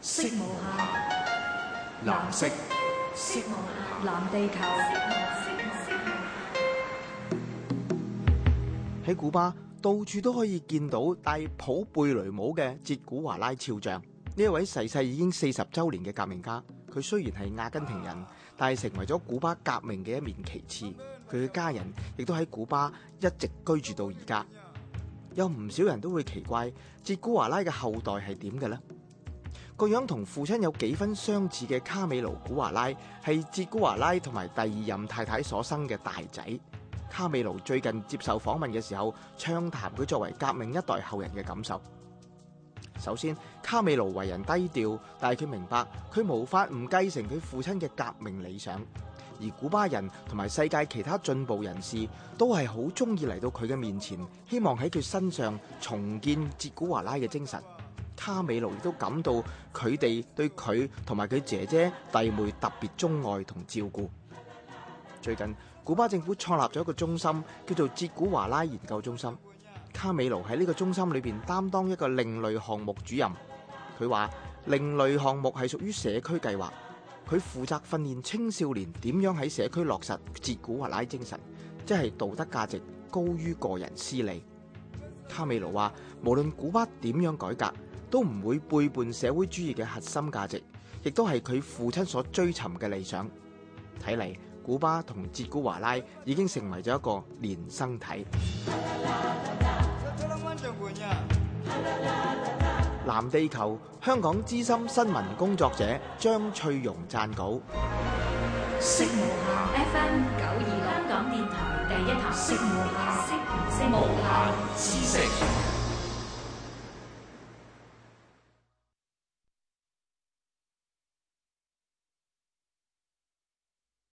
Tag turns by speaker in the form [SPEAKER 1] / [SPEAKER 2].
[SPEAKER 1] 色無下藍色。色無限，藍地球。喺古巴，到處都可以見到戴普貝雷帽嘅哲古華拉肖像。呢一位逝世已經四十周年嘅革命家，佢雖然係阿根廷人，但係成為咗古巴革命嘅一面旗幟。佢嘅家人亦都喺古巴一直居住到而家。有唔少人都會奇怪，哲古華拉嘅後代係點嘅呢？個樣同父親有幾分相似嘅卡美盧古華拉，係哲古華拉同埋第二任太太所生嘅大仔。卡美盧最近接受訪問嘅時候，暢談佢作為革命一代後人嘅感受。首先，卡美盧為人低調，但係佢明白佢無法唔繼承佢父親嘅革命理想。而古巴人同埋世界其他進步人士都係好中意嚟到佢嘅面前，希望喺佢身上重建哲古華拉嘅精神。卡美奴亦都感到佢哋對佢同埋佢姐姐弟妹特別鍾愛同照顧。最近古巴政府創立咗一個中心，叫做哲古華拉研究中心。卡美奴喺呢個中心裏邊擔當一個另類項目主任他說。佢話另類項目係屬於社區計劃，佢負責訓練青少年點樣喺社區落實哲古華拉精神，即係道德價值高於個人私利。卡美奴話無論古巴點樣改革。都唔會背叛社會主義嘅核心價值，亦都係佢父親所追尋嘅理想。睇嚟，古巴同哲古華拉已經成為咗一個連生體。拉拉拉拉拉藍地球香港資深新聞工作者張翠容撰稿。色無瑕 FM 九二六，香港電台第一台。色無瑕，色無色無瑕，